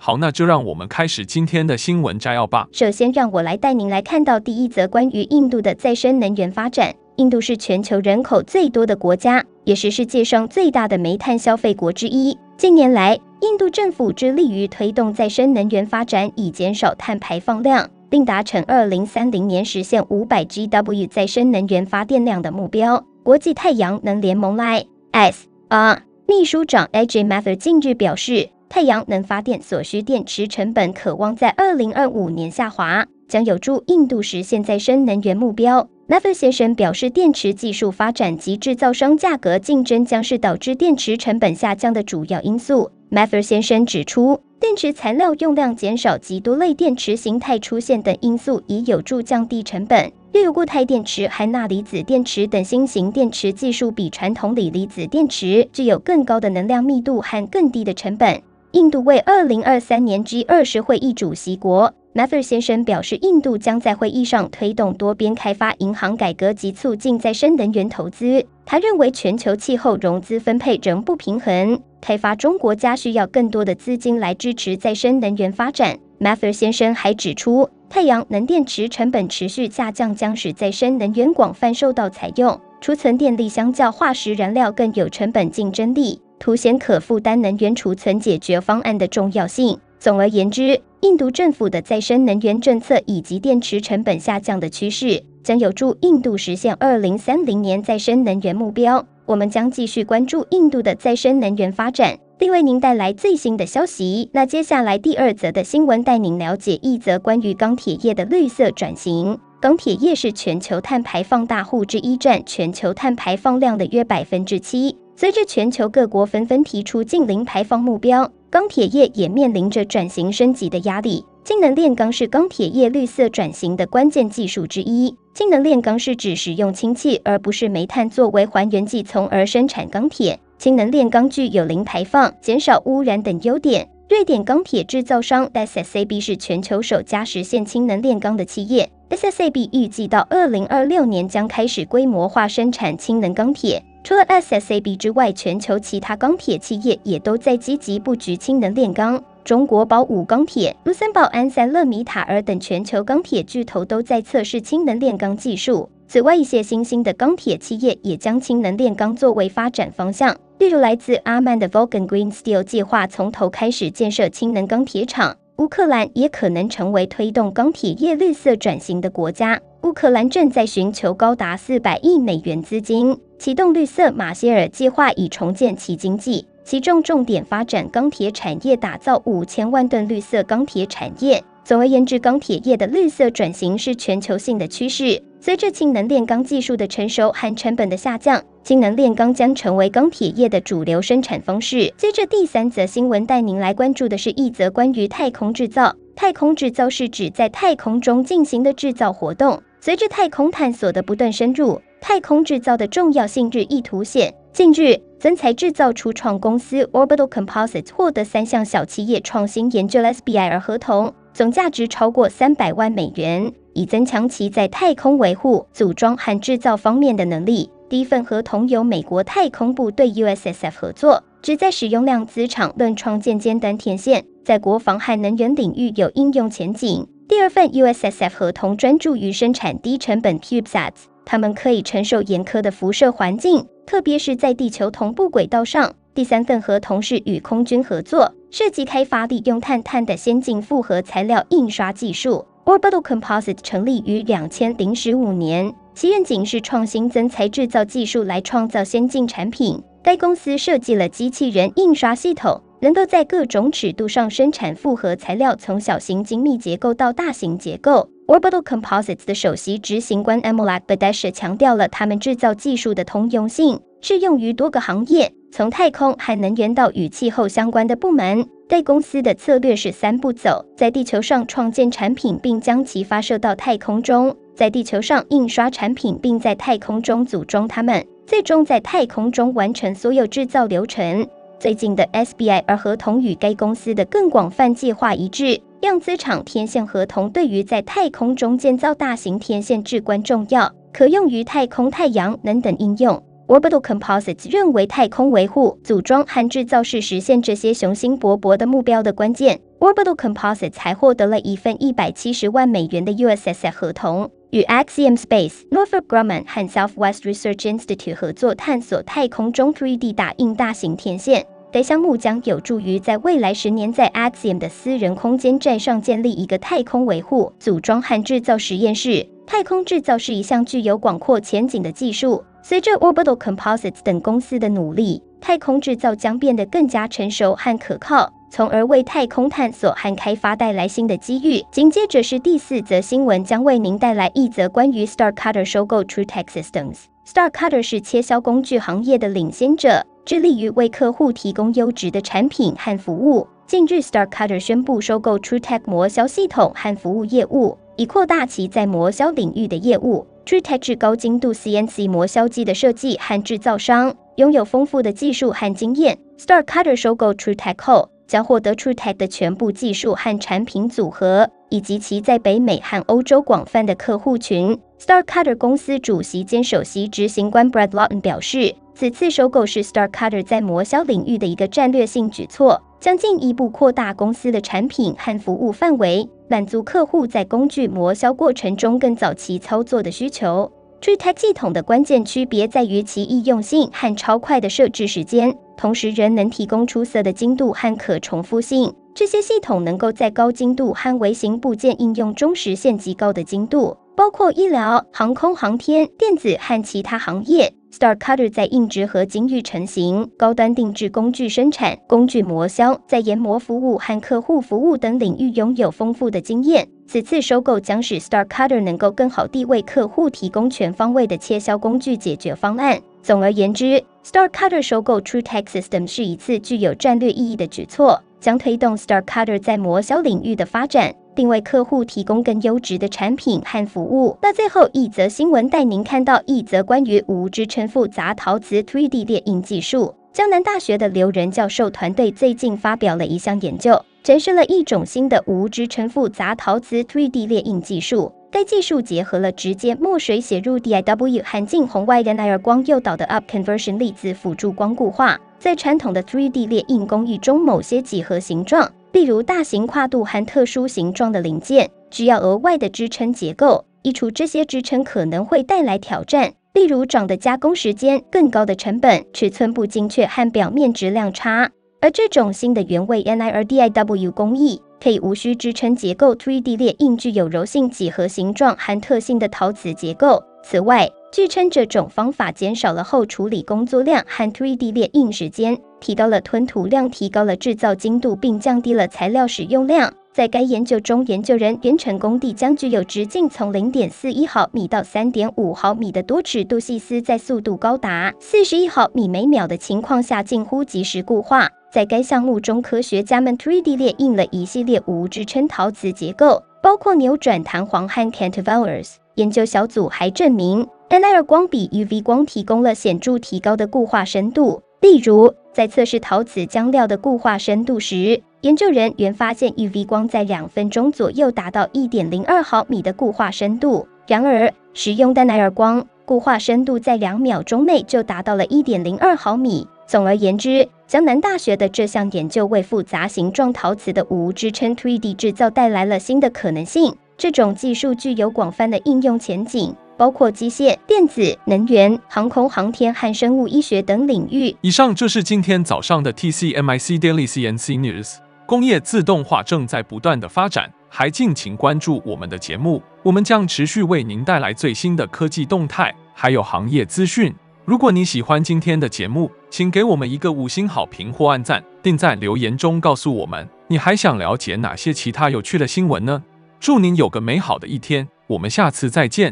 好，那就讓我們開始今天的新聞摘要吧。首先，讓我來帶您來看到第一則關於印度的再生能源發展。印度是全球人口最多的國家，也是世界上最大的煤炭消費國之一。近年來，印度政府致力於推動再生能源發展，以減少碳排放量，並達成二零三零年實現五百 GW 再生能源發電量的目標。國際太陽能聯盟 （I.S.R.） 秘書長 A.J. Mathur 近日表示。太陽能發電所需電池成本可望在二零二五年下滑，將有助印度實現再生能源目標。Mather 先生表示，電池技術發展及製造商價格競爭將是導致電池成本下降的主要因素。Mather 先生指出，電池材料用量減少及多類電池形態出現等因素已有助降低成本。又有固態電池、含鈉離子電池等新型電池技術比傳統鋰離子電池具有更高的能量密度和更低的成本。印度為2023年 G20 會議主席國，Mathur 先生表示，印度將在會議上推動多邊開發銀行改革及促進再生能源投資。他認為，全球氣候融資分配仍不平衡，開發中國家需要更多的資金來支持再生能源發展。Mathur 先生還指出，太陽能電池成本持續下降，將使再生能源廣泛受到採用。儲存電力相較化石燃料更有成本競爭力。凸顯可負擔能源儲存解決方案的重要性。總而言之，印度政府的再生能源政策以及電池成本下降的趨勢，將有助印度實現二零三零年再生能源目標。我們將繼續關注印度的再生能源發展，並為您帶來最新的消息。那接下來第二則的新聞，帶您了解一則關於鋼鐵業的綠色轉型。鋼鐵業是全球碳排放大戶之一，佔全球碳排放量的約百分之七。隨着全球各國紛紛提出淨零排放目標，鋼鐵業也面臨着轉型升級的壓力。氫能煉鋼是鋼鐵業綠色轉型的關鍵技術之一。氫能煉鋼是指使用氫氣而不是煤炭作為還原劑，從而生產鋼鐵。氫能煉鋼具有零排放、減少汙染等優點。瑞典鋼鐵製造商 SSAB 是全球首家實現氫能煉鋼的企業。SSAB 預計到2026年將開始規模化生產氫能鋼鐵。除了 SSAB 之外，全球其他鋼鐵企業也都在積極佈局氫能煉鋼。中國寶武鋼鐵、盧森堡安塞勒米塔爾等全球鋼鐵巨頭都在測試氫能煉鋼技術。此外，一些新興的鋼鐵企業也將氫能煉鋼作為發展方向，例如來自阿曼的 Vulcan Green Steel 計劃從頭開始建設氫能鋼鐵廠。烏克蘭也可能成為推動鋼鐵業綠色轉型的國家。烏克蘭正在尋求高達四百億美元資金，啟動綠色馬歇爾計劃，以重建其經濟，其中重點發展鋼鐵產業，打造五千萬噸綠色鋼鐵產業。總而言之，鋼鐵業的綠色轉型是全球性的趨勢。隨着氫能煉鋼技術的成熟和成本的下降，氫能煉鋼將成為鋼鐵業的主流生產方式。接着，第三則新聞帶您來關注的是一則關於太空製造。太空製造是指在太空中進行的製造活動。隨着太空探索的不斷深入，太空製造的重要性日益凸顯。近日，增材製造初創公司 Orbital Composites 獲得三項小企業創新研究 （SBIR） 合同。總價值超過三百萬美元，以增強其在太空維護、組裝和製造方面的能力。第一份合同由美國太空部隊 USSF 合作，旨在使用量子場論創建尖端天線，在國防和能源領域有應用前景。第二份 USSF 合同專注於生產低成本 CubeSats，他們可以承受嚴苛的輻射環境，特別是在地球同步軌道上。第三份合同是與空軍合作。設計開發利用碳碳的先進複合材料印刷技術，Orbital Composites 成立於兩千零十五年，其願景是創新增材製造技術來創造先進產品。該公司設計了機器人印刷系統，能夠在各種尺度上生產複合材料，從小型精密結構到大型結構。Orbital Composites 的首席執行官 Amolak Badesha 強調了他們製造技術的通用性，適用於多個行業。從太空和能源到與氣候相關的部門，該公司的策略是三步走：在地球上創建產品並將其發射到太空中，在地球上印刷產品並在太空中組裝它們，最終在太空中完成所有制造流程。最近的 SBIR 合同與該公司的更廣泛計劃一致。量子場天線合同對於在太空中建造大型天線至關重要，可用於太空太陽能等應用。Orbital Composites 認為，太空維護、組裝和制造是實現這些雄心勃勃的目標的關鍵。Orbital Composites 才獲得了一份一百七十萬美元的 USSF 合同，與 Axiom Space、Northrop Grumman 和 Southwest Research Institute 合作，探索太空中 3D 打印大型天線。該項目將有助於在未來十年在 Axiom 的私人空間站上建立一個太空維護、組裝和制造實驗室。太空制造是一項具有廣闊前景的技術。隨着 Orbital Composites 等公司的努力，太空制造將變得更加成熟和可靠，從而為太空探索和開發帶來新的機遇。緊接着是第四則新聞，將為您帶來一則關於 Star Cutter 收購 Tru Tech Systems。Star Cutter 是切削工具行業的領先者，致力於為客戶提供優質的產品和服務。近日，Star Cutter 宣布收購 Tru Tech 磨削系統和服務業務，以擴大其在磨削領域的業務。Tru Tech 是高精度 CNC 磨削機的設計和製造商，擁有豐富的技術和經驗。Star Cutter 收購 Tru Tech 後，將獲得 Tru Tech 的全部技術和產品組合，以及其在北美和歐洲廣泛的客戶群。Star Cutter 公司主席兼首席執行官 Brad Lawton 表示，此次收購是 Star Cutter 在磨削領域的一個戰略性舉措。將進一步擴大公司的產品和服務範圍，滿足客戶在工具磨削過程中更早期操作的需求。這些系統的關鍵區別在於其易用性和超快的設置時間，同時仍能提供出色的精度和可重複性。這些系統能夠在高精度和微型部件應用中實現極高的精度，包括醫療、航空航天、電子和其他行業。Star Cutter 在硬質合金預成型、高端定製工具生產、工具磨削、在研磨服務和客戶服務等領域擁有豐富的經驗。此次收購將使 Star Cutter 能夠更好地為客戶提供全方位的切削工具解決方案。總而言之，Star Cutter 收購 Tru Tech System 是一次具有戰略意義的舉措，將推動 Star Cutter 在磨削領域的發展。並為客戶提供更優質的產品和服務。那最後一則新聞帶您看到一則關於無支撐複雜陶瓷 3D 列印技術。江南大學的劉仁教授團隊最近發表了一項研究，展示了一種新的無支撐複雜陶瓷 3D 列印技術。該技術結合了直接墨水寫入 （DIW） 和近紅外 （NIR） 光誘導的 upconversion 粒子輔助光固化。在傳統的 3D 列印工藝中，某些幾何形狀。例如，大型跨度和特殊形狀的零件需要額外的支撐結構，移除這些支撐可能會帶來挑戰，例如長的加工時間、更高的成本、尺寸不精確和表面質量差。而這種新的原位 NIRDIW 工藝可以無需支撐結構，3D 列印具有柔性幾何形狀和特性的陶瓷結構。此外，據稱，這種方法減少了後處理工作量和 3D 列印時間，提高了吞吐量，提高了製造精度，並降低了材料使用量。在該研究中，研究人員成功地將具有直徑從零點四一毫米到三點五毫米的多尺度細絲，在速度高達四十一毫米每秒的情況下，近乎即時固化。在該項目中，科學家們 3D 列印了一系列無支撐陶瓷結構，包括扭轉彈簧和 cantilevers。研究小組還證明，NIR 光比 UV 光提供了顯著提高的固化深度。例如，在測試陶瓷漿料的固化深度時，研究人員發現 UV 光在兩分鐘左右達到一點零二毫米的固化深度。然而，使用 NIR 光，固化深度在兩秒鐘內就達到了一點零二毫米。總而言之，江南大學的這項研究為複雜形狀陶瓷的無支撐 3D 製造帶來了新的可能性。這種技術具有廣泛的應用前景。包括機械、電子、能源、航空航天和生物醫學等領域。以上就是今天早上的 TCMIC Daily CNC News。工業自動化正在不斷的發展，還敬請關注我們的節目，我們將持續為您帶來最新的科技動態，還有行業資訊。如果你喜歡今天的節目，請給我們一個五星好評或按讚，並在留言中告訴我們你還想了解哪些其他有趣的新聞呢？祝您有個美好的一天，我們下次再見。